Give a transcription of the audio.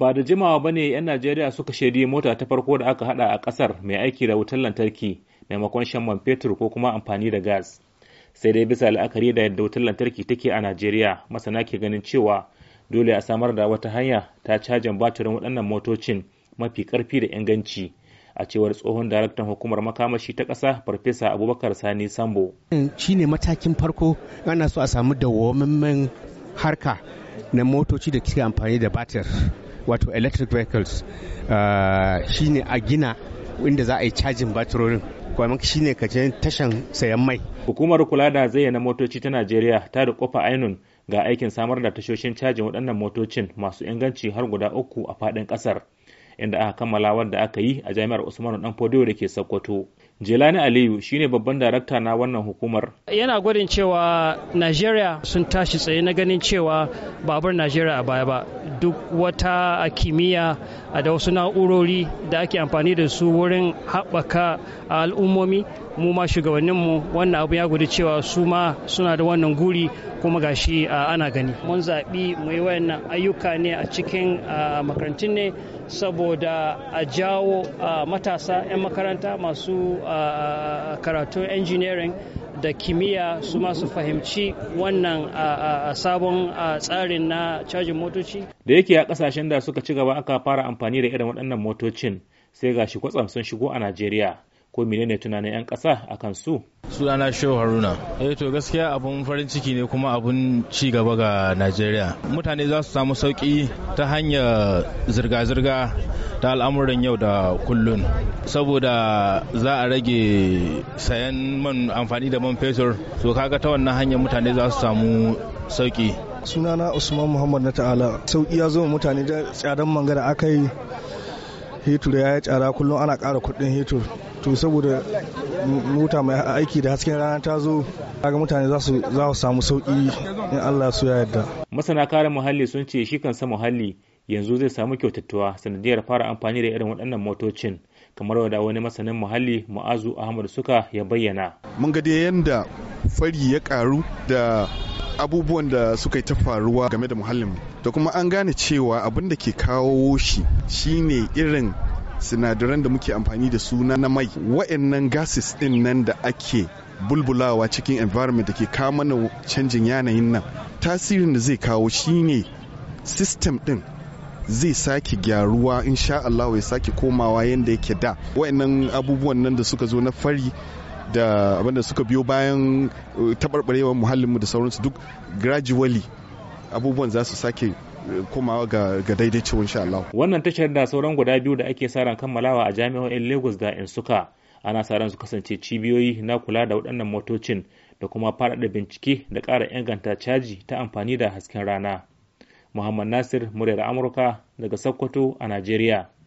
ba da jimawa ba ne 'yan najeriya suka shaidi mota ta farko da aka hada a kasar mai aiki da wutar lantarki maimakon shan man fetur ko kuma amfani da gas sai dai bisa la'akari da yadda wutar lantarki take a najeriya masana ke ganin cewa dole a samar da wata hanya ta cajin batirin waɗannan motocin mafi karfi da inganci a cewar tsohon daraktan hukumar makamashi ta ƙasa farfesa abubakar sani sambo shine matakin farko ana so a samu dawwammamin harka na motoci da suke amfani da batir wato electric vehicles uh, shine a gina inda za a yi cajin batirorin kuma shine kaje tashan sayan mai hukumar kula da zayyana motoci ta najeriya ta da kofa ainun ga aikin samar da tashoshin cajin waɗannan motocin masu inganci har guda uku a faɗin ƙasar inda aka kammala wanda aka yi a jami'ar Usmanu Dan Fodiyo da ke Sokoto. Jelani Aliyu shine babban darakta na wannan hukumar. Yana gwadin cewa Najeriya sun tashi tsaye na ganin cewa babur Najeriya a baya ba. Duk wata a kimiyya da wasu na'urori da ake amfani da su wurin haɓaka a al'ummomi mu ma mu wannan abu ya gudu cewa su ma suna da wannan guri kuma gashi ana gani. Mun zaɓi mu yi wayannan ayyuka ne a cikin makarantun ne saboda saboda a jawo matasa 'yan makaranta masu karatun engineering da kimiyya su masu fahimci wannan sabon tsarin na cajin motoci. Da yake a kasashen da suka ci gaba aka fara amfani da irin waɗannan motocin sai gashi kwatsam sun shigo a Najeriya. ko menene tunanin 'yan ƙasa a kan su. sunana shehu haruna eh to gaskiya abun farin ciki ne kuma abun ci gaba ga najeriya mutane za su samu sauki ta hanyar zirga-zirga ta al'amuran yau da kullun saboda za a rage sayan man amfani da man fetur to kaga ta wannan hanyar mutane za su samu sauki sunana usman muhammad na ta'ala sauki ya zo mutane da tsadan mangana aka yi ya yi tsara kullum ana ƙara kuɗin hitur to saboda mota mai aiki da hasken rana ta zo kaga mutane za su samu sauki in Allah su ya yarda masana kare muhalli sun ce shi kansa muhalli yanzu zai samu kyautattuwa sanadiyar fara amfani da irin waɗannan motocin kamar wada wani masanin muhalli mu'azu ahmad suka ya bayyana mun ga yanda fari ya karu da abubuwan da suka yi ta faruwa game da muhallin da kuma an gane cewa abin da ke kawo shi shine irin sinadaran da muke amfani da su na mai wa'annan gases din nan da ake bulbulawa cikin environment da ke kama na canjin yanayin nan tasirin da zai kawo shine system din zai sake gyaruwa insha Allah ya sake komawa yadda yake da wa'annan abubuwan nan da suka zo na fari da abinda suka biyo bayan eh, taɓarɓarewar muhallinmu da sauransu duk gradually abubuwan za su sake komawa ga, ga ciwon insha Allah. Wannan tashar da sauran guda biyu da ake sa ran kammalawa a jami'o'in Lagos da suka ana sa ran su kasance cibiyoyi na kula da waɗannan motocin da kuma faɗaɗa bincike da ƙara inganta caji ta amfani da hasken rana. Muhammad Nasir, muryar Amurka daga Sokoto a Najeriya.